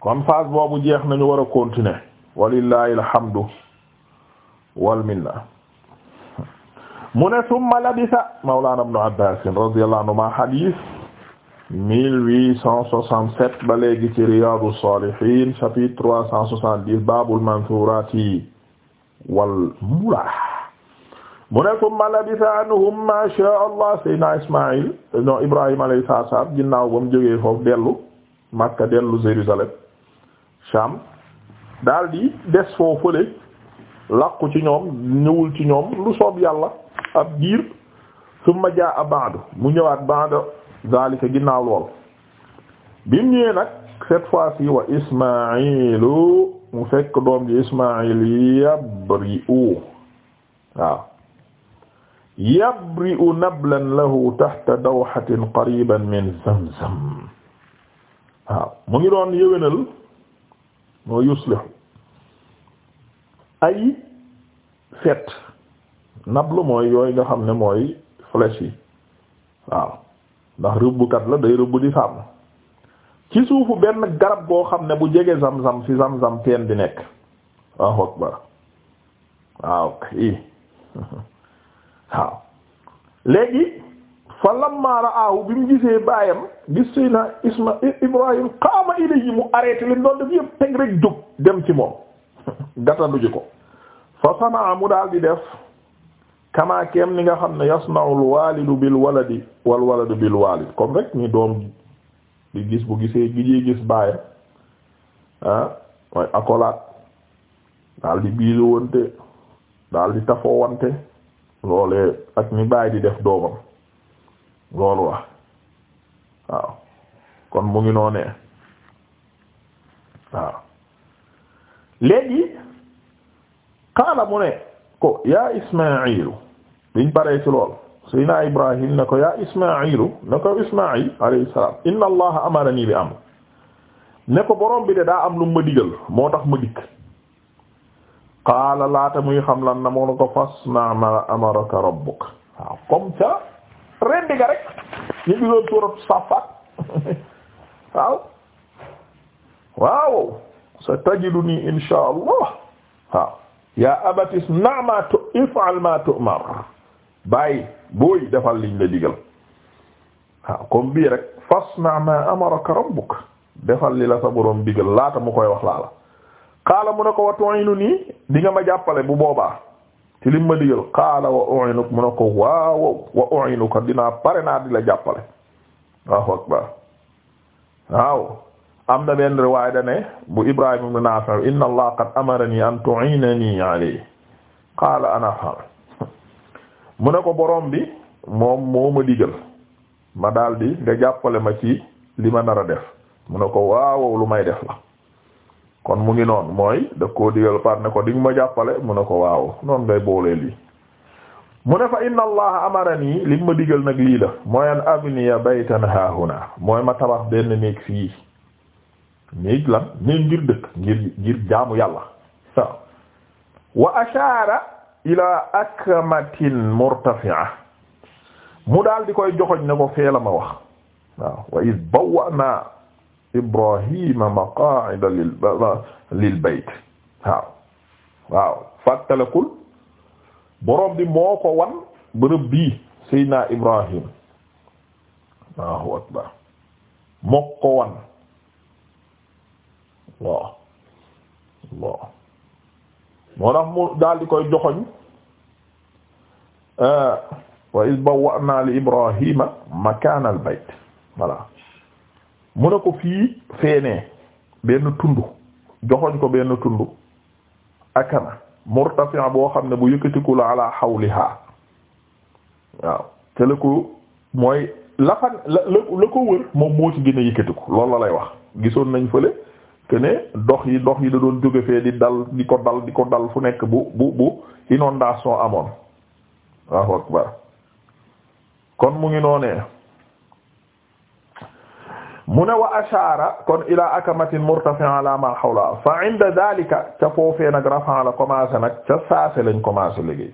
kon phase boobu jeex nañu war a continuer walillahi alhamdu wal minna mu ne summa labisa mawlana ibn abbas radiyallahu anhuma hadith 1867 ba léegi ci riyadu salihin chapitre 370 babul mansurati wal mu ne summa labisa anhum ma sha allah sayyidina ismail no ibrahima alayhi salaam ginnaaw ba mu jógee foofu dellu makka dellu jérusalem Sham daal des foo fële làqu ci ñoom ñëwul ci ñoom lu soob yàlla ab diir summa jaa ba'du mu ñëwaat baado zalika ginnaaw lool bi mu ñëwee nag cette fois ci wa ismailu mu fekk doom ji ismail yabri'u waaw yabri'u nablan lahu tahta dawhatin qariban min zamzam waaw mu ngi doon yëwénal moo la ay fet lu mooy yooyu nga xam ne mooy flèche yi waaw ndax rëbbkat la day rëbb di sàmm ci suufu benn garab goo xam ne bu jege zam-zam fi zam-zam teen bi nekk waaw akbar waaw i waaw léegi fa lamma raahu bi mu gisee baayam gis si na isma ibrahim qaama ilayhi mu arrêté li mu def yëpp teg rek jóg dem ci moom gàttandu ji ko fa sanaa mu daal di def kama kem ni nga xam ne yasna'u al walidu bil waladi wal waladu bil walid comme rek ni doom di gis bu gisee gijee gis baayam ah mooy accolade di biiso wante di tafo wante loolee ak ni baay di def doomam loolu wa waaw kon mu ngi noonee waaw léegi qaala mu ne ko yaa ismailu biñ paree ci lool sayna ibrahim ne ko yaa ismailu ne ko ismail alayhi salaam inna allaha amarani bi amr ne ko borom bi de daa am lu ma digal moo tax ma dikk qaala laata muy xam lan na moo na ko fasna ma amaraka rabbuk waaw comme ça rendi ga rek ñu gisoon suuratu Saffaat waaw waaw sa tajiduni insha allah waaw yaa abatis na'ma tu if'al ma tu'mar bàyyi booy defal liñ la digal waaw comme bii rek fasna ma amaraka rabbuk defal li la sa boroom digal laata mu koy wax laa la xaala mu ne ko wa tu'inuni di nga ma jàppale bu boobaa ci lim ma digal qaala wa u'inuk mu ko waaw wa u'inuka dinaa pare naa di la jàppale waaw akbar waaw am na benn riwaaya da ne bu Ibrahim ibn Nafi' inna Allah qad amarani an tu'inani alayhi qaala ana fa'al mu ne ko borom bi moom moo ma digal ma daldi nga jàppale ma ci li ma nar a def mu ko waaw lu may def la kon mu ngi noon mooy daf koo digal par ne ko di nga ma jàppale mu ne ko waaw noon ngay boole lii mu ne fa inna allaha amarani li ma digal nag lii la mooy an abniya baytan haahuna mooy ma tabax benn néeg fii néeg lan néeg ngir dëkk ngir ngir jaamu yàlla waaw wa ashaara ila akmatin murtafi'a mu daal di koy joxoñ ne ko fee ma wax waaw wa iz bawwa'na Ibrahima maqaa'ida lil lil bayt waaw waaw fàttalikul borom bi moo ko wan bërëb bii Seydina Ibrahim Allahu akbar moo ko wan waaw waaw moo tax mu daal di koy joxoñ eh, wa iz bawwa'naa li Ibrahima makaanal bayt voilà. mu ne ko fii feenee benn tund joxoñ ko benn tund akana murtafi' boo xam ne bu yëkkatiku la ala xawlihaa waaw te la ko mooy la fan la la ko wër moom moo ci gën a yëkkatiku loolu la lay wax gisoon nañ fële que dox yi dox yi da doon jóge fee di dal di ko dal di ko dal fu nekk bu bu bu inondation amoon waaw kon mu ngi noonee mu ne wa ashaara kon ila akamatin murtafi'a ala ma hawla fa inda dhalika ca foofee nag rafa'a la commencé nag ca saase lañ commencé liggéey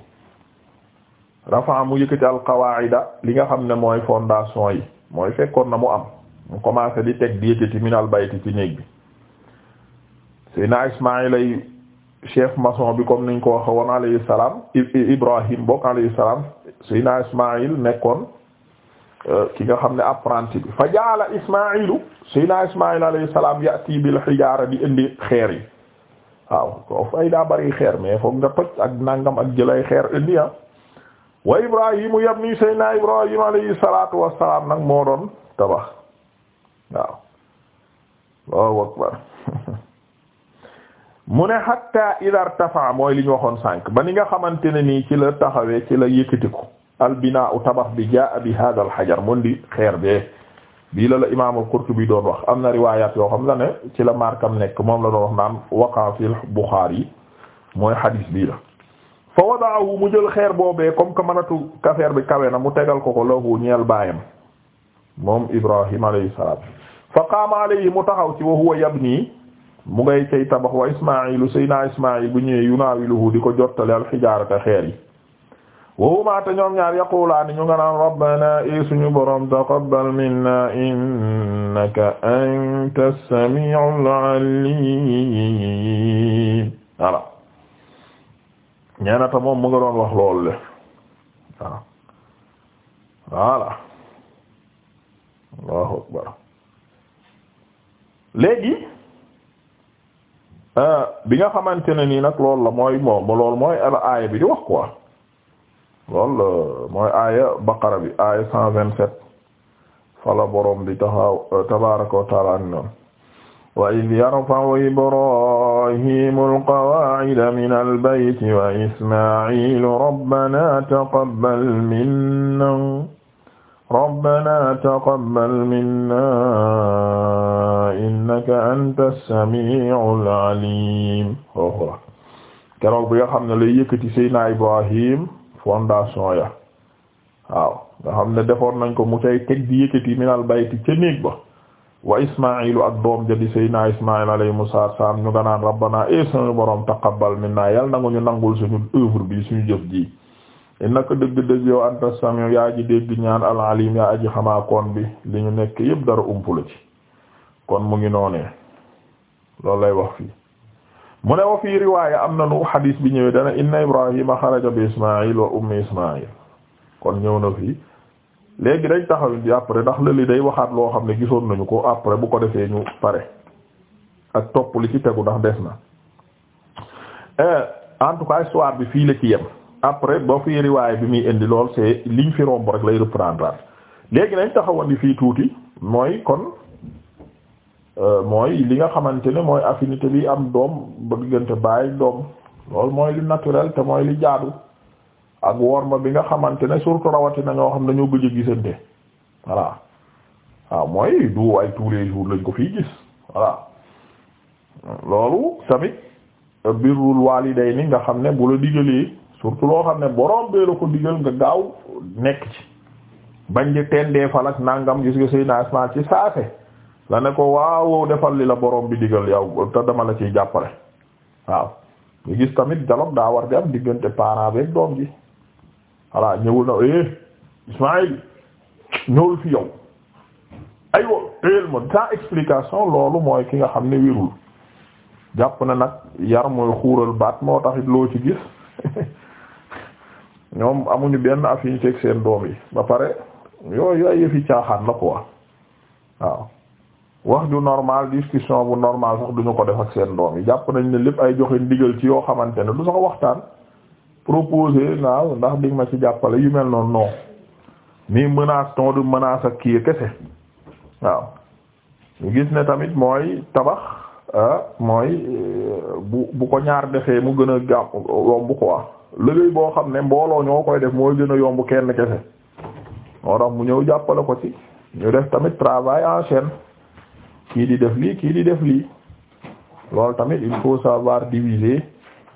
rafa'a mu yëkkati al qawaida li nga xam ne mooy fondation yi mooy fekkoon na mu am mu commencé di teg di yëkkati min al bayti ci néeg bi Seydina Ismaïl ay chef maçon bi comme niñ ko waxe salaam Ibrahim bokk alayhi salaam Seydina Ismaïl nekkoon ki nga xam ne apprenti bi fa jaala ismailu sayna ismail alayhi salaam yati bil xijaara di indi xeer yi waaw foofu ay daa bari xeer mais foog nga toj ak nangam ak jëlay xeer indi ah wa ibrahimu yabni sayna ibrahim alayhi salatu nag moo doon tabax waaw Allahu akbar mu ne hatta idha irtafa mooy li ñu waxoon sànq ba ni nga xamante ne nii ci la taxawee ci la yëkkatiku al binaa'u tabax bi jaa bi hada al xajar mun di xeer bee bii la la imaam al-Qurtubi doon wax am na riwaayaat yoo xam la ne ci la markam nekk moom la doon wax naan waqa fil Buxaari mooy xadiis bii la fa wadaahu mu jël xeer boobe comme que mënatu kafeer bi kawe na mu tegal ko ko lahu ñeel baayam moom Ibrahim alayhi salaam fa qaama alayhi mu taxaw ci wa huwa yabni mu ngay cay tabax wa Ismaa'ilu sayna Ismaa'il bu ñëwee yunaawiluhu di ko jottale al xijaarata wa huma te ñoom ñaar yaqulaani ñu nga naan rabbana i e suñu borom taqabbal minna innaka anta samiul alim voilà ñeenata moom mu nga doon wax lool le waaw voilà allahu akbar léegi euh, bi nga xamante ne nii nag loolu la mooy moom loolu mooy ala aaya bi di wax quoi lool mooy aaya baqara bi aaya cent vingt-sept fala borom bi taxaw tabaraka wa taala ni noon wa id yarfau ibrahimu alqawaida min albayti wa ismailu rabbana taqabbal minna rabbana taqabbal minna innaka anta as-sami'ul alim keroog bi nga xam ne lay yëkkati Seydina Ibrahim fondation ya waaw nga xam ne defoon nañ ko mu cay teg di yëkkati minal bayti ca néeg ba wa ismailu ak doom ja di seydina ismail alayhimu salaam ñu nga naan rabbana e suñu borom taqabbal minna yal nangu ñu nangul suñu œuvre bi suñu jëf ji innaka dëgg-dëgg yow anta samiu yaa ji dégg ñaan al alim yaa aji xamaa koon bi li ñu nekk yëpp dara umpula ci kon mu ngi noonee loolu lay wax fii mu ne wa fii riwaaya am na nu xadiis bi ñëwee dana inna ibrahima xaraja bi ismail wa ummi ismail kon ñëw na fii léegi dañ taxaw di après ndax lëli day waxaat loo xam ne gisoon nañu ko après bu ko defee ñu pare ak topp li ci tegu ndax des na euh, en tout cas histoire bi fii la ci yem après ba fii riwaay bi muy indi lool c'est liñ fi romb rek lay reprendre léegi nañ taxawoon di fii tuuti mooy kon Euh, mooy li nga xamante ne mooy affinité bi am doom ba diggante baay doom loolu mooy li naturel te mooy li jaadu ak worma bi nga xamante ne surtout rawatina ñoo xam dañoo gëj a gisante voilà waaw ah, mooy du ay tous les lañ ko fii gis voilà loolu tamit euh, birrul waalidayni nga xam ne bu la digalee surtout loo xam ne borom bee la ko digal nga gaaw nekk ci bañ di tendee falak nangam gis nga say naasmaa ci saase la ne ko waaw defal li la borom bi digal yaw te dama la ciy jàppale waaw ñu gis tamit dialogue daa war di am diggante parent beeg doom ji voilà ñëwul na eh Ismaïl ñëwul fi yow aywa teel ma sans explication loolu mooy ki nga xam ne wirul jàpp na nag yar mooy xuural baat moo taxit loo ci gis ñoom amuñu benn affinité ak seen doom yi ba pare yooyu ay yëfi caaxaan la quoi waaw. wax ju normal discussion bu normal sax duñu ko def ak seen doom yi jàpp nañ ne lépp ay joxe ndigal ci yoo xamante ne du sax waxtaan proposé ndax di ma ci jàppale yu mel noonu non nii menace ton de menace ak kii kese waaw ñu gis ne tamit mooy tabax ah, mooy euh, bu bu ko ñaar defee mu gën a gàpp yomb quoi liggéey boo xam ne mbooloo ñoo koy def mooy gën a yomb kenn kese moo tax mu ñëw jàppale ko ci ñu def tamit travail en chaîne kii di def lii kii di def lii loolu tamit il faut savoir diviser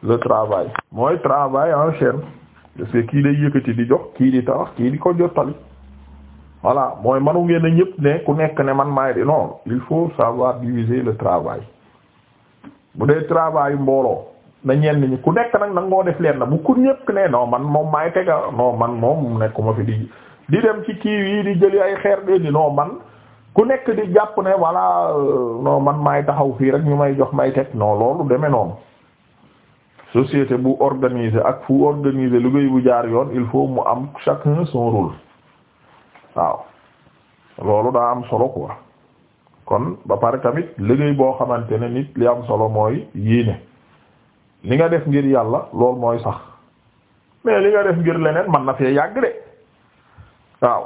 le travail mooy travail en chaîne parce que kii day yëkkati di jox kii di tax kii di ko jottali voilà mooy manu ngeen a ñëpp ne ku nekk ne man maay di non il faut savoir diviser le travail bu dee travail mbooloo na ñenn ñi ku nekk nag nangoo def leen na bu ku ñëpp ne non man moom maay tega non man moom nekkuma fi di di dem ci kii yi di jëli ay xeer de di non man ku nekk di jàpp ne voilà euh, non man maay taxaw fii rek ñu may jox may teg non loolu demee noonu société bu organisé ak fu lu liggéey bu jaar yoon il faut mu am chacun son rôle waaw loolu daa am solo quoi kon ba pare tamit liggéey boo xamante ne nit li am solo mooy yéene li nga def ngir yàlla loolu mooy sax mais li nga def ngir leneen man na fee yàgg de waaw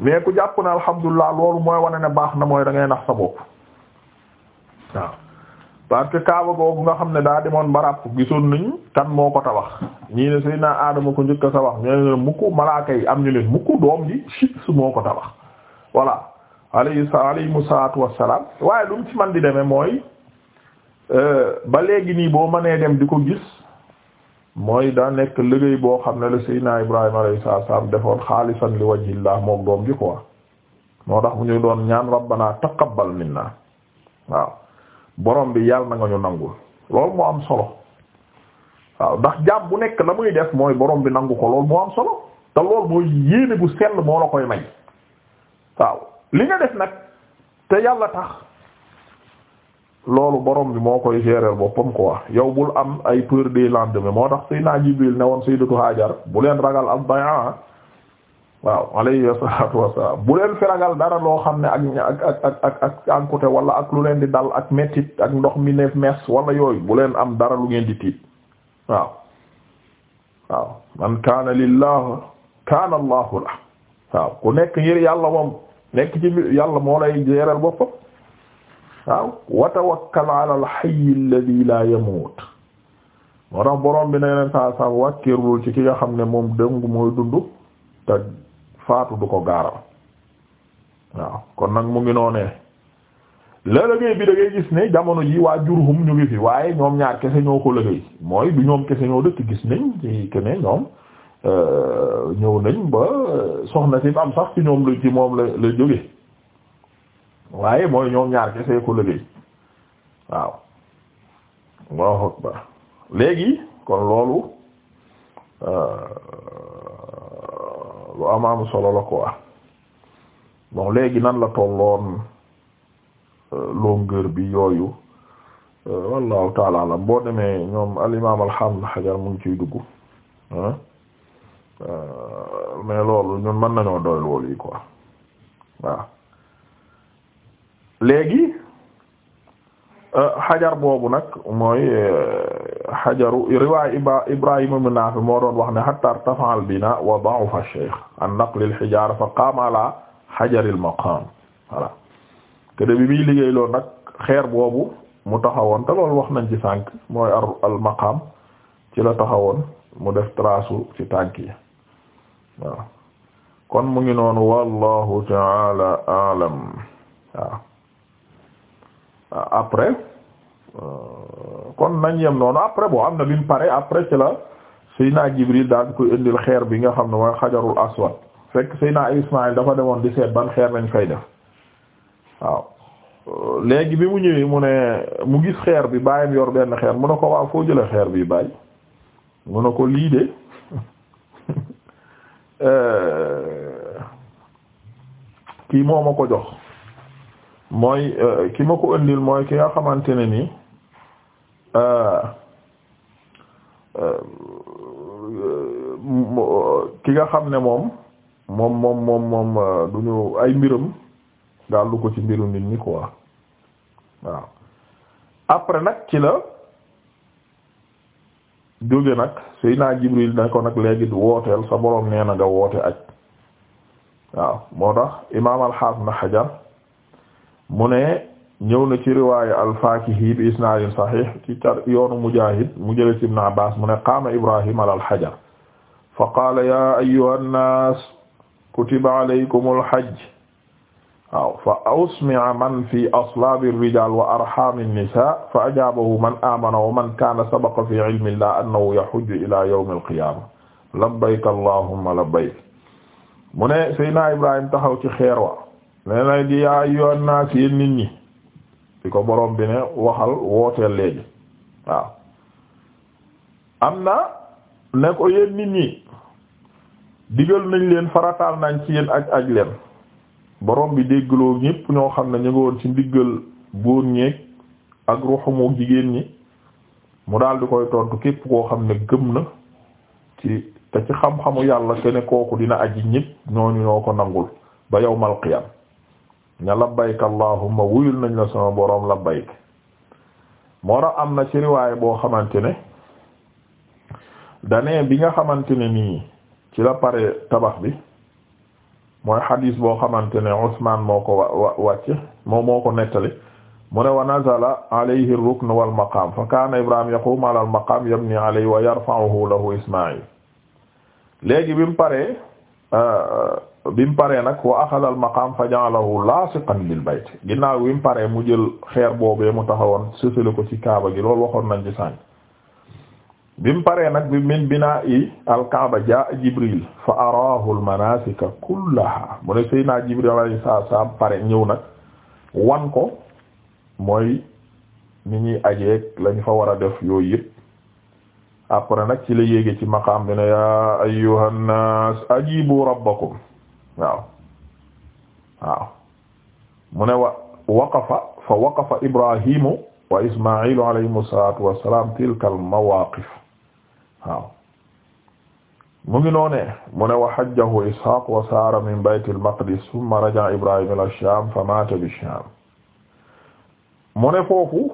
mais ku jàpp na alhamdulilah loolu mooy wane ne baax na mooy dangay nax sa bopp waaw parce que kaaba googu nga xam ne daa demoon ba ràpp gisoon nañ kan moo ko tabax ñii ne naa aadama ko njëkk a tabax ñu ne mukk malaaka yi am ñu leen mukk doom ji su moo ko tabax voilà alayhi alayhimu salaatu wassalaam waaye lu mu ci man di demee mooy euh, ba léegi nii boo mënee dem di ko gis mooy daa nekk liggéey boo xam ne la Seydina Ibrahima alayhi salaam defoon xaalisan li wajhillah moom doom ji quoi moo tax mu ñu doon ñaan rabbana taqabbal minna waaw borom bi yàlla na nga ñu nangul lool moo am solo waaw ndax jaam bu nekk la muy def mooy borom bi nangu ko loolu moo am solo te loolu mooy yéene bu sell moo la koy may waaw li nga def nag te yàlla tax. loolu boroom bi moo koy gérer boppam quoi yow bul am ay peur des lendemains moo tax Seydina Jibril ne woon Sayyidatu Hajar bu leen ragal ab bayan waaw alayhi salaatu wassalaam bu leen fi ragal dara loo xam ne ak ak ak ankute wala ak lu leen di dal ak mettit ak ndox mi ne mes wala yooyu bu leen am dara lu ngeen di tiit waaw waaw man kaana lillah kaana allahu la waaw ku nekk ngir yàlla moom nekk ci yàlla moo lay gérer boppam waaw wa tawakkal ala al-hayy alladhi la yamut moo tax borom bi ne leen saa saa wàkkirlul ci ki nga xam ne moom dëng mooy dund te faatu du ko gaaral waaw kon nag mu ngi noonee la liggéey bi da gis ne jamono ji waa Jurhum ñu ngi waaye ñoom ñaar kese ñoo ko liggéey mooy du ñoom kese ñoo dëkk gis nañ ci keneen ñoom euh, ñëw nañ ba euh, soxna si am sax ci ñoom la ci moom la la jóge waaye mooy ñoom ñaar kese ko liggéey waaw Allahu akbar léegi kon loolu euh, lu amaamu solo la quoi bon léegi nan la tolloon euh, longueur bi yooyu euh, wallahu taala alam boo demee ñoom al imaam alhamd xajar mu ngi ciy dugg mais loolu ñun mën nañoo doy loolu yi quoi waaw léegi euh, xajar boobu nag mooy euh, xajaru riwaay Iba Ibrahima ibn wax ne hatta irtafa'a al-binaa wa da'afa ash-shaykh an naqli al-hijaara fa qaama al-maqaam voilà nag xeer boobu mu taxawoon wax nañ ci sànq mooy ar al-maqaam ci la taxawoon mu def trace ci tànk yi kon mu ngi noonu wallahu ta'ala a'lam après euh, kon nañ yem noonu après boo am na bi mu pare après ci la Seydina Jibril daal di koy indil xeer bi nga xam ne mooy xajarul aswad fekk Seydina Ismaïl dafa demoon di seet ban xeer lañ fay def waaw euh, léegi bi mu ñëwee mu ne mu gis xeer bi bàyyam yor benn xeer mu ne ko waaw foo jëlee xeer bi bàyyi mu ne ko lii de euh, kii moo ma ko jox mooy euh, ki ma ko ëndil mooy ki nga xamante ne nii euh, euh, ki nga xam ne moom moom moom moom du ñu ay mbiram daal du ko ci mbiru nit ñi quoi waaw après nag ci la jóge nag suy naa Jibril ne ko nag léegi wooteel sa boroom nee na nga woote aj waaw moo tax imaam al-Hasan Hajar mu ne ñëw na ci riwaayu al-Faakihi bi isnaadin saxiix ci tar yoonu Mujaahid mu jëlee ci Ibn Abbaas mu ne qaama Ibraahiim alal hajar fa qaala yaa ayyuhan naas kutiba alaykumul hajj waaw fa usmi'a man fi aslaabi rijaal wa arhaami nisaa fa ajaabahu man aamana wa man kaana sabaqa fi ilmi llaahi annahu yahujju ilaa yawmil qiyaama labbayka allaahumma labbayk mu ne Seydina Ibraahiim taxaw ci xeer wa leneen di yaa yoon naa si yéen nit ñi di ko borom bi ne waxal wooteel léegi waaw am na ne ko yéen nit ñi digal nañ leen farataal nañ ci yéen aj aj leen boroom bi déggloo ñépp ñoo xam ne ñu ngi woon ci ndiggal góor ñeeg ak ruxumu jigéen ñi mu daldi koy tontu képp koo xam ne gëm na ci te ci xam-xamu yàlla te kooku dina aji ñépp ñooñu ñoo ko nangul ba yawmal qiyam ne labbayk allahumma wuyul nañ la sama boroom labbayk moo tax am na ci riwaay boo xamante ne danee bi nga xamante ne nii ci la pare tabax bi mooy xadiis boo xamante ne Usmaan moo ko wa wàcce moom moo ko nettali mu ne wa nazala alayhi ar-rukn wal maqaam fa kaana Ibrahim yaqumu ala maqaam yabni alayhi wa yarfa'uhu lahu Ismaa'il léegi bi mu paree Euh, bi mu paree nag wa axada al fa ja'alahu laasiqan bil bayt ginnaaw bi mu paree mu jël xeer boobee mu taxawoon sësale ko ci kaaba gi loolu waxoon nañ di sànq bi mu paree nag bi min binaa'i al kaaba jaa Jibril fa araahu al manaasika kullaha mu ne Seydina Jibril alayhi salaam pare ñëw nag wan ko mooy ni ñuy ajeeg lañ fa war a def yooyu yëpp. après nag ci la yéege ci maqaam bi ne yaa ayyuhan naas ajibu rabbakum waaw waaw mu ne wa waqafa fa waqafa ibrahimu wa ismailu alayhimu salaatu wassalaam tilka al mawaaqif waaw mu ngi noone mu ne wa hajjahu ishaq wa saara min bayt al maqdis thumma raja'a ibrahim ila sham fa maata bi sham mu ne foofu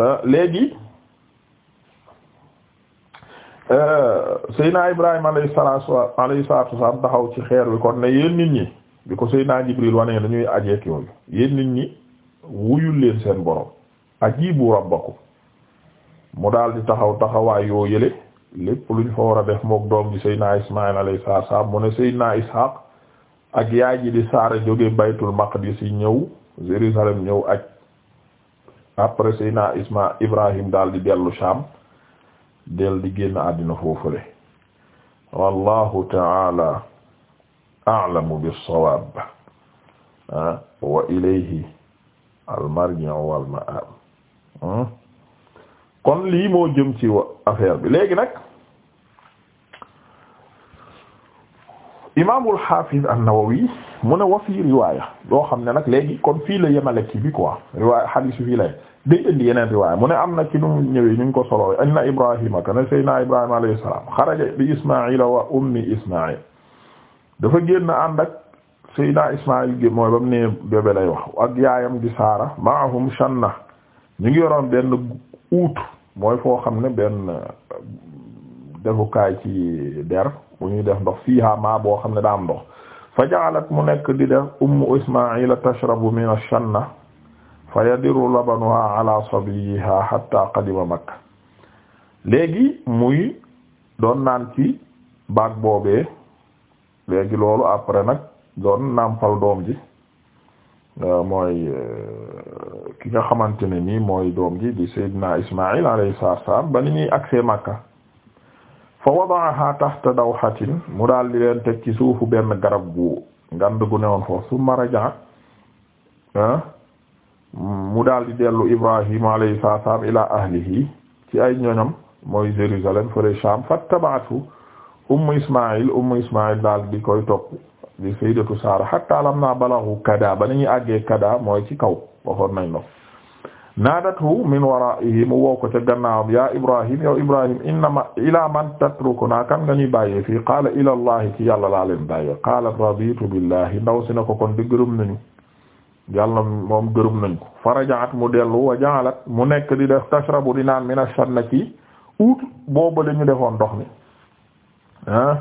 eh, léegi Euh, Seydina Ibrahima alayhi salaatu wasalaam taxaw ci xeer wi kon ne yéen nit ñi bi ko Seydina Jibril wane dañuy ajeek yooyu yéen nit ñi wuyul leen seen borom ajibu rabbakum mu daal di taxaw taxawaay yoo yële lépp luñ fa war a def mook doom bi Seydina Ismaïl alayhi salaatu wasalaam mu ne Seydina Ishaq ak yaay ji di Saara jóge baytul maqdis yi ñëw Jérusalem ñëw aj après Seydina Isma Ibrahim daal di dellu Sham del di génn àddina foofule wallahu a a'lamu bis-sawaab ah, wa ilayhi al-marji'u wal-ma'aab hmm? kon lii moo jëm ci affaire bi léegi nag imaamul hafiz an-Nawawi mu ne wa fii riwaaya yoo xam ne nag léegi kon fii la yemale kii bi quoi riwaaya hadith fii la day indi yeneen riwaaya mu ne am na ci nu ñëwee ñu ngi ko solo anna Ibrahima kana Seydina Ibrahima alayhi salaam xaraja bi Ismaa'il wa ummi Ismaa'il dafa génn ànd ak Seydina Ismaa'il gi mooy ba mu nee bébé lay wax ak yaayam di Saara maahum shanna ñu ngi yoroon benn uut mooy foo xam ne benn defukaay ci der. mu ñuy def ndox fiiha ma boo xam ne daa am ndox fa ja'alat mu nekk di def ummu ismaila tashrabu min ash-shanna fa yadiru labanuha ala sabiha hatta qadima makka léegi muy doon naan ci baag boobee léegi loolu après nag doon nàmpal doom ji euh, mooy euh, ki nga xamante ni nii mooy doom ji di Seydina Ismaïl alayhi salaam ba ni ñuy Makka fa wada'aha tahta dawhatin mu daal di leen teg suufu benn garab gu ngand gu newoon foofu summa raja'a ah, mu daal di dellu Ibrahima alayhi salaam ila ahlihi ci ay ñoñam mooy Jérusalem fële Sham fattaba'athu ummu Ismaïl ummu Ismaïl daal di koy topp di sayyidatu Saara hatta lamma balaghu kada ba nañu àggee kada mooy ci kaw waxoon nañ la naadatu min waraihi mu woo ko ca gannaawam ya ibrahim yow ibrahim innama ila man tatrukuna kan nga ñuy bàyyee fii qaala ila ci yàlla laa leen bàyyee qaala raditu billahi ndaw si na ko kon di gërum nañu yàlla moom gërëm nañu ko farajaat mu dellu wa jaalat mu nekk di def tashrabu di naan min ash-shanna ci uut boobu la ñu defoon ndox mi ah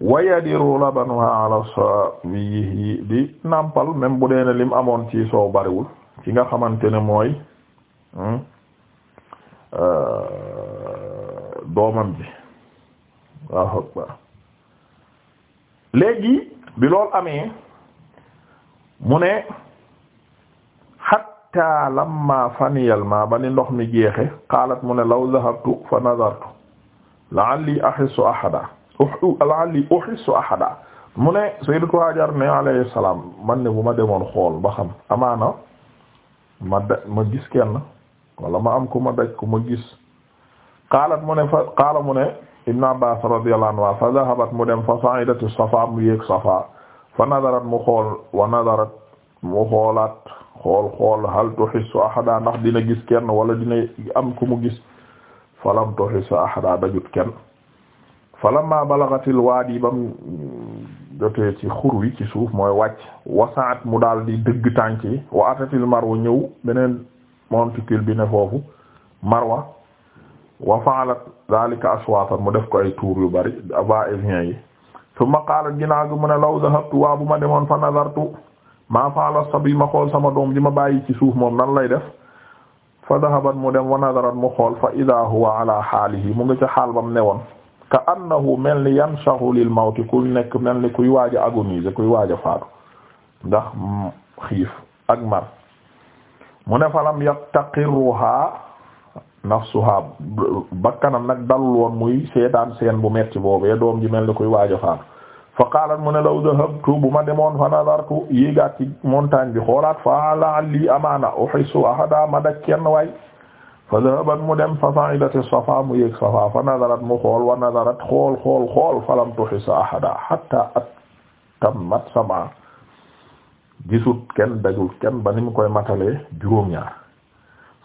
wa yadiru labanuha ala sabihi di nàmpal même bu dee na lim amoon ci soow bariwul ki nga xamante ne mooy hmm, euh, doomam ji waaw léegi bi loolu amee mu ne hatta lamma faniyal ma ba ni ndox mi jeexe qaalat mu ne law zahabtu fa nazartu la'alli ahissu ahada la'alli uhissu ahada mu ne sayyidatu Hajar ne alayhi man ne bu ma demoon xool ba xam amaana ma da ma gis kenn wala ma am ku ma daj ku ma gis qaalat mu ne fa qaala mu ne ibn abbas radiyallahu anhu fa dhahabat mu dem fa sa'idatu safa mu yéeg safa fa nadarat mu xool wa nadarat mu xoolaat xool xool hal tuhissu ahada ndax dina gis kenn wala dina am ku mu gis falam tuhissu ahada dajut kenn falamma balagatil waadi bam jotee ci xur wi ci suuf mooy wàcc wasaat mu daal di dëgg tànk yi wa atatil marwa ñëw beneen monticule bi ne foofu marwa wa fa'alat dhalika aswaatan mu def ko ay tour yu bari va et vient yi summa qaalat ginnaaw gi mu ne law dhahabtu waa bu ma demoon fa nazartu maa fa'ala sabi ma xool sama doom ji ma bàyyi ci suuf moom nan lay def fa dhahabat mu dem wa nazarat mu xool fa idha huwa ala mu nga ca xaal bam woon ka annahu mel ni yanshahu lil mawti ku nekk mel ni kuy waaj a agoniser kuy waaj a faatu ndax xiif ak mar mu ne falam yaqtaqirruha nafsuha bakkanam nag dalul woon muy seetaan seen bu metti boobee doom ji mel ni kuy waaj a faatu fa qaalat mu ne law dahabtu bu ma demoon fa nadartu yéegaat ci montagne bi xoolaat fa la'alli amaana uhissu ahada ma dak kenn waay fa dhahabat mu dem fa sa'idati safa mu yéeg safa fa nadarat mu xool wa nadarat xool xool xool falam tuhis ahada hatta atammat sama gisut kenn dajul kenn ba ni mu koy matalee juróom-ñaar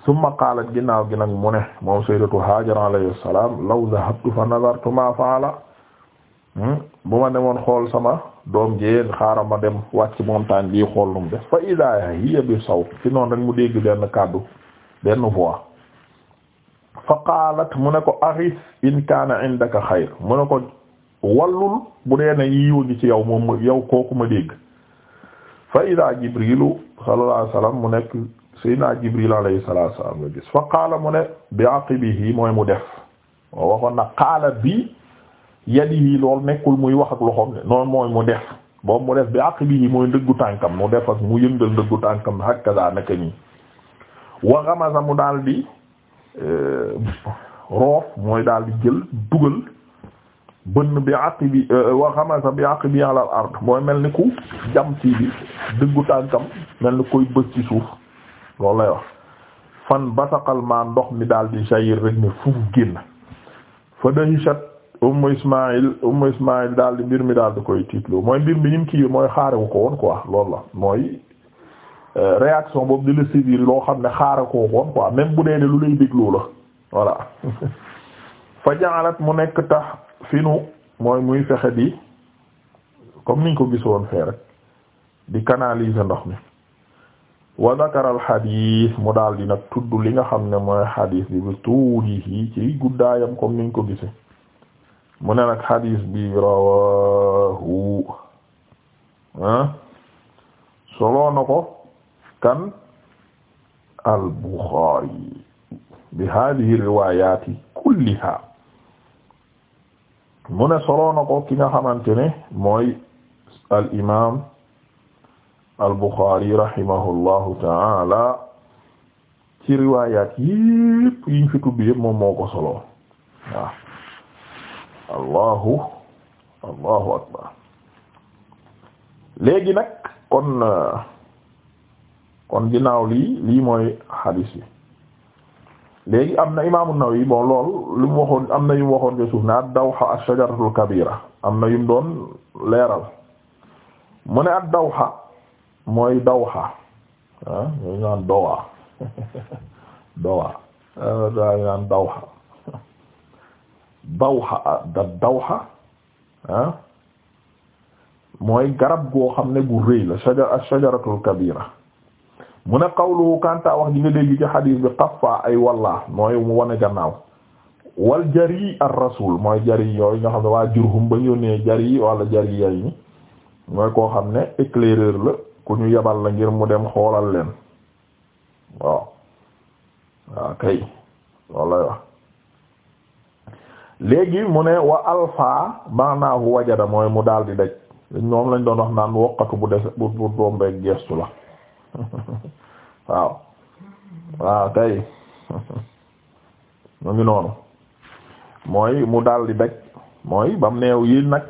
summa qaalat ginnaaw gi nag mu ne moom sayyidatu hajar alayhi salaam law dhahabtu fa nadartu ma faala hmm? bu ma demoon xool sama doom jéen xaaral ma dem wàcc montagne bii xool nu mu fa idaa hiya bi saw ci noonu rek mu dégg benn kàddu benn voix fa qaalat mu ne ko axis in kaana indaka xayr mu ne ko wallul bu dee ne yiw ngi ci yow moom yow kooku ma dégg fa ida jibrilu sallallahu alayhi wasallam mu nekk sayyidina jibril alayhi salatu wasallam nga gis fa qaala mu ne bi aqibihi mooy mu def moo waxoon na qaala bi yadihi lool nekkul muy wax ak loxoom ne noonu mooy mu def boobu mu def bi aqibihi mooy ndëggu tànkam mu def ak mu yëngal ndëggu tànkam hakaza naka nii wa ghamaza mu daal di Euh, roof mooy daal di jël dugal bënn bi àq bi euh, wa xamasa bi àq bi alal ard mooy mel ni ku jam ci bi dëggu tànkam mel ni koy bës ci suuf loolu lay wax fan basaqal ma ndox mi daal di jaillir rek ne fu génn a dahishat ummu ismail ummu ismail daal di mbir mi daal di koy tiitloo mooy mbir mi ñim kii mooy xaarewu ko woon quoi loolu la mooy Euh, réaction boobu di la sévir loo xam ne xaaral koo woon quoi bu dee ne lu lay dégloo la voilà fa ja'alat mu nekk tax finu mooy muy fexe di comme niñ ko gisoon fee rek di canaliser ndox mi wa dhakara al hadith mu daal di nag tudd li nga xam ne mooy hadith bi bi tuulihi ci guddaayam comme niñ ko gisee mu ne nag hadith bi rawahu ah solo na ko. kan al Bukhari ne soloo ki nga xamante ne mooy al al Bukhari rahimahullahu taala ci riwayat yëpp yiñ moo ko soloo waaw allahu allahu akbar léegi nag kon kon ginnaaw lii lii mooy xadiis bi léegi am na imaamu Nawawi bon lool lu mu waxoon am na yu mu waxoon ci suuf ne ad-dawha ash-shajaratul kabira am na yu mu doon leeral mu ne ad-dawha mooy dawha ah ñu naan dowa ah, naan dawha dawha ah, mooy garab goo xam ne gu rëy la shajar ash-shajaratul kabira mu ne qawluhu kanta wax ji nga dégg ci xadiis bi qaffa ay walla mooy mu wane gannaaw wal jari ar rasul mooy jari yooyu nga xam ne waa jurhum ba ñu ne jari wala jari yay ñi mooy koo xam ne éclaireur la ku ñu yebal la ngir mu dem xoolal leen waaw waaw kay loolu lay wax léegi mu ne wa alfa maanaahu wajada mooy mu daal di daj ñoom lañ doon wax naan wokkatu bu des bu doom beeg gestu la waaw waaw kay mu ngi noonu mooy mu daal di daj mooy bam neew yii nag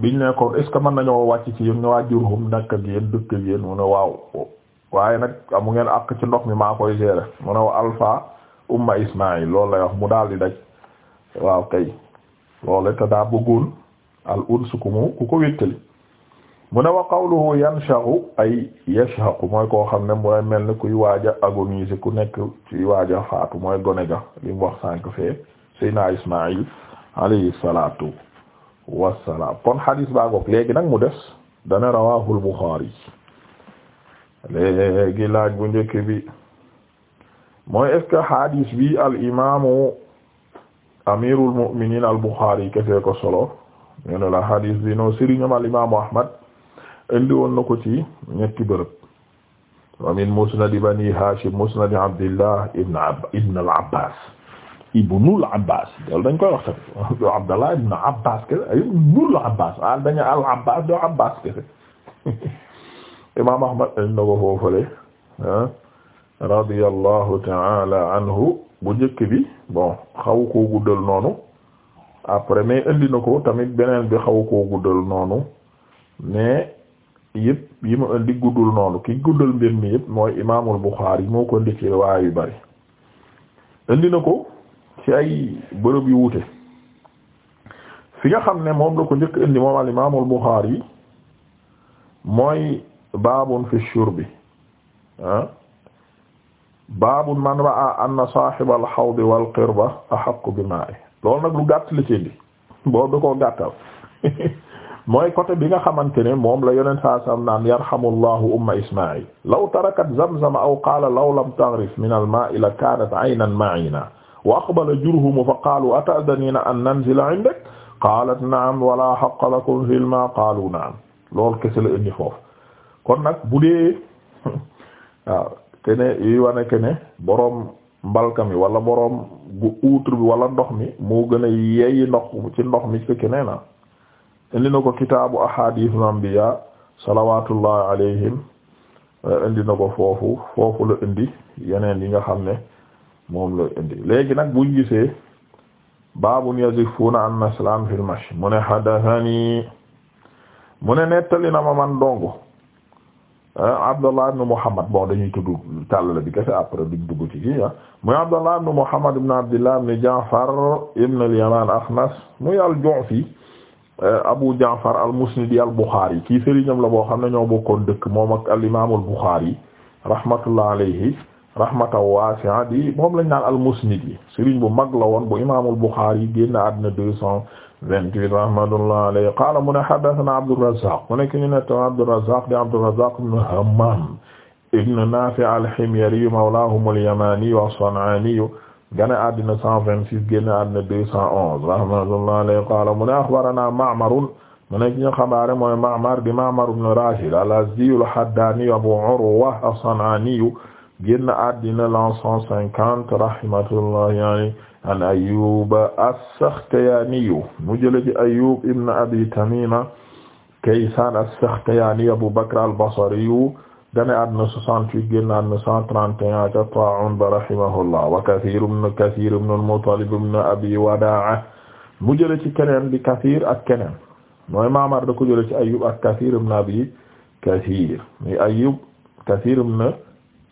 biñ ne ko est que mën nañoo wàcc ci yéen ñëwaat Jurhum nak ak yéen dëkk ak yéen mu ne waaw waaye nag amu ngeen àq ci ndox mi maa koy gérer mu ne wa Alfa umma Ismaïl loolu lay wax mu daal di daj waaw kay loolu te daa bëggoon al un sukumu ku ko wéttali mu ne wa qawluhu yanshahu ay yashaqu mooy ko xam ne mooy mel ni kuy waaja agonise ku nekk ci waaja faatu mooy gone ga li mu wax sànq fee Seydina Ismaïl alayhi salatu wasalaam kon hadis baa ngoog léegi nag mu des dana rawaahul Bukhari léegi laaj bu njëkk bi mooy est-ce que hadis bi al imaamu amirul mu'minin al Bukhari kese ko solo ñu ne la hadis bi no sëriñam al Ahmad indi woon na ko ci ñetti bërëb wa min musnad bani hashim musnad abdillah ibn ab ibn al abbas ibnul abbas loolu dañ koy wax ibn abbas kese ibnul al abbas ah do abbas kese imam ahmad indi na ko foofale ah, radiyallahu ta'ala anhu bu jëkk bi bon xaw ko guddal noonu après mais indi na ko tamit beneen bi xaw koo guddal noonu mais yëpp yi mu indi guddul noonu ki guddal mbir mi yëpp mooy imaamul Buxaari moo ko indi ci riwaaya yu bari indi na ko ci ay bërëb yu wute fi nga xam ne moom la ko njëkk indi moom al imaamul yi mooy baabun fi shurbi ah. baabun man ra'a anna saahibal hawdi wal qirba ahaqqu bi maa'i loolu nag lu gàtt la ci indi boobu da koo gàttal mooy côté bi nga xamante ne moom la yonent saa sallam naan yarhamullahu umma ismail law tarakat zamzama aw qaala law lam taghrif min al-maa'i la kaanat aynan ma'ina wa aqbala jurhumu fa qaalu ata'dhanina an nanzila 'indak qaalat na'am wala haqqa lakum fil ma qaalu na'am loolu kese la indi foofu kon nag bu dee waaw te ne yi wane ke ne boroom mbalka mi wala boroom gu outre bi wala ndox mi moo gën a yeeyi ndox ci ndox mi ci keneen na ah. indi na ko kitaabu ahadithul anbiya salawatullahi alayhim indi na ko foofu foofu la indi yeneen yi nga xam ne moom la indi léegi nag buñ gisee babun yazifuna an naslam fil mash mu ne hadathani mu ne nettali na ma man dong ah, Abdullah ibn Muhammad bon dañuy tudd tàllal bi kese après duñ dugg ci kii ah. muy Abdullah ibn Muhammad ibn Abdillah ibn Ja'far ibn al-Yaman muy al Eh, Abu Jaafar al-Musnidi al-Bukhari kii sëriñam la boo xam ne ñoo bokkoon dëkk moom ak al-Imaam al-Bukhari rahmatullah alayhi rahmatan waasi'a di moom lañ naan al-Musnidi sëriñ bu mag la woon bu Imaam al-Bukhari génn àddina deux cent vingt-huit rahmatullah alayhi qaala mu ne haddathanaa Abdurrazaaq mu ne ki ñu ne Abdurrazaaq di Abdurrazaaq ibn Hammaam ibn Naafi' al-Himyari mawlaahum al-Yamaani as-San'aani gane addina cent vingt-six génn addina deux cent onze rahmatullahi alayhi qala mu ne akhbarana Ma'marun mu ne ñu xabaare mooy Ma'mar di Ma'mar ibn Rashid al-Azdi al-Haddani Abu Urwa as-San'ani génn addina l'an cent cinquante rahmatullahi alayhi an Ayyub as-Sakhtiyani mu jële ci Ayyub ibn Abi Tamima Kaysan as-Sakhtiyani Abu Bakr al-Basri gane àdduna 68 génn àdduna 131 ca Taa'uun ba rahimahullah wa Kathiir ibn Kathiir ibn al-Muttalib ibn Abi Wadaa'a mu jële ci keneen di Kathiir ak keneen mooy Ma'mar da ko jële ci Ayyub ak Kathiir ibn Abi Kathiir ni Ayyub Kathiir ibn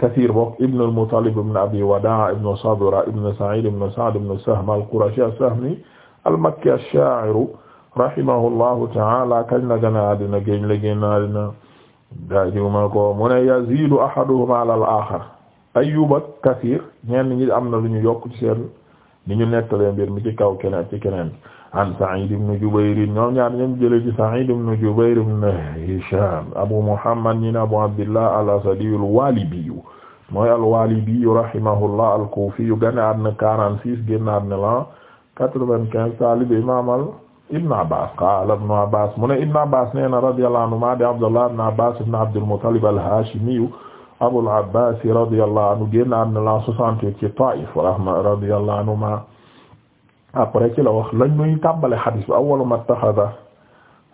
Kathiir bokk ibn al-Muttalib ibn Abi Wadaa'a ibn Sabra ibn Sa'iid ibn Sa'd ibn Sahm al-Qurashi as-Sahmi al-Makki ash-shaa'ir rahimahullahu ta'aala kañ la gane àdduna génn la génn àdduna dajuma ko mu ne yazidu ahaduhuma ala al axar ayyuba am na lu ñu yokk ci seen ni ñu nettalee mbir mi ci kaw keneen ci keneen an Sa'id ibn Jubayr ñoom ñaar ñoom jële ci Sa'id ibn Jubayr ibn Hisham Abu Muhammad ñi ne Abu Abdillah al-Asadi al mooy al-Walibi rahimahullah al-Kufi gane àddina 46 génn àddina la 95 talib al Ibn Abbas qaala Ibn Abbas mu ne Ibn Abbas nee na radiyallahu anhuma de Abdullah ibn Abbas ibn Abdul Muttalib al-Hashimiyu Abul Abbas radiyallahu anhu génn na la 68 ci Taif rahma radiyallahu anhuma après ci la wax lañ muy tàmbale xadis bi awwalu ma ittaxada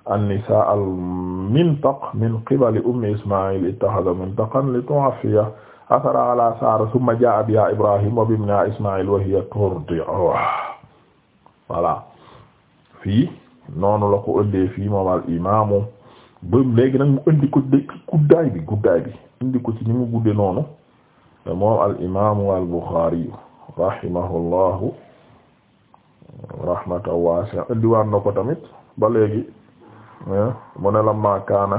an-nisaa al-mintaq min qibali ummi Ismaa'il ittaxada mintaqan li tu'affiya athara ala Saara thumma jaa'a bihaa Ibraahiim wa bibnihaa Ismaa'il wa hiya turdi'uhu voilà fii noonu la ko ëndee fii moom al imaamu ba léegi nag mu indi ko guddaay bi guddaay bi indi ko ci ni mu gudde noonu te moom al imaamu al Buxaari rahimahullahu indi war ko tamit ba léegi mu ne la maakaana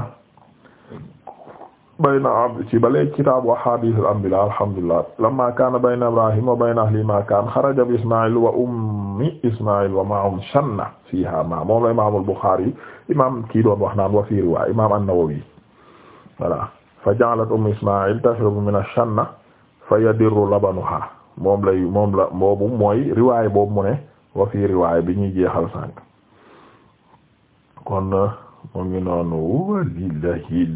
bayna abd ci ba léegi kitaab wa hadiis al anbiyaa alhamdulillah lamma kaana bayna ibrahim wa bayna ahli ma kaan xaraja bi ismail wa ummi ismail wa ma'um shanna fiiha ma moom la imaam al-Buxaari imaam kii doon wax naan wa fii riwaaya imaam an-Nawawi voilà fa ja'alat ummu ismail tashrabu min ash-shanna fa yadirru labanuha moom lay moom la boobu mooy riwaay boobu mu ne wa fii riwaaya bi ñuy jeexal sànq kon mu ngi noonu walillahi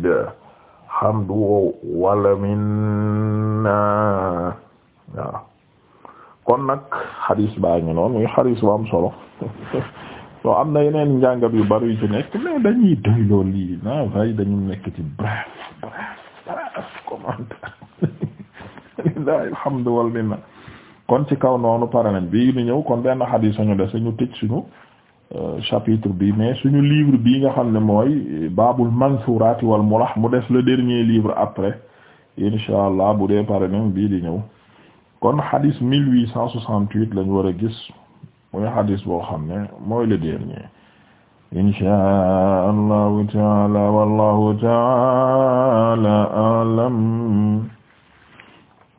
alhamdu wala minna waaw kon nag xadis baa ngi noonu muy xadis bu am solo so am na yeneen njàngat yu bari yu ci nekk mais dañuy doy lool yi fay dañu nekk ci bref bref bref commentaire kon ci kaw noonu pare nañ bii ñu ñëw kon benn xadis ñu des ñu tëj suñu Euh, chapitre bi mais suñu livre bi nga xam ne mooy euh, baabul mansuuraati wal mulah mu des le dernier livre après insha allah bu dee pare nañ bii di ñëw kon hadis 1868 lañ war a gis muy hadis boo xam ne mooy le dernier insha allahu taala wallahu taala alam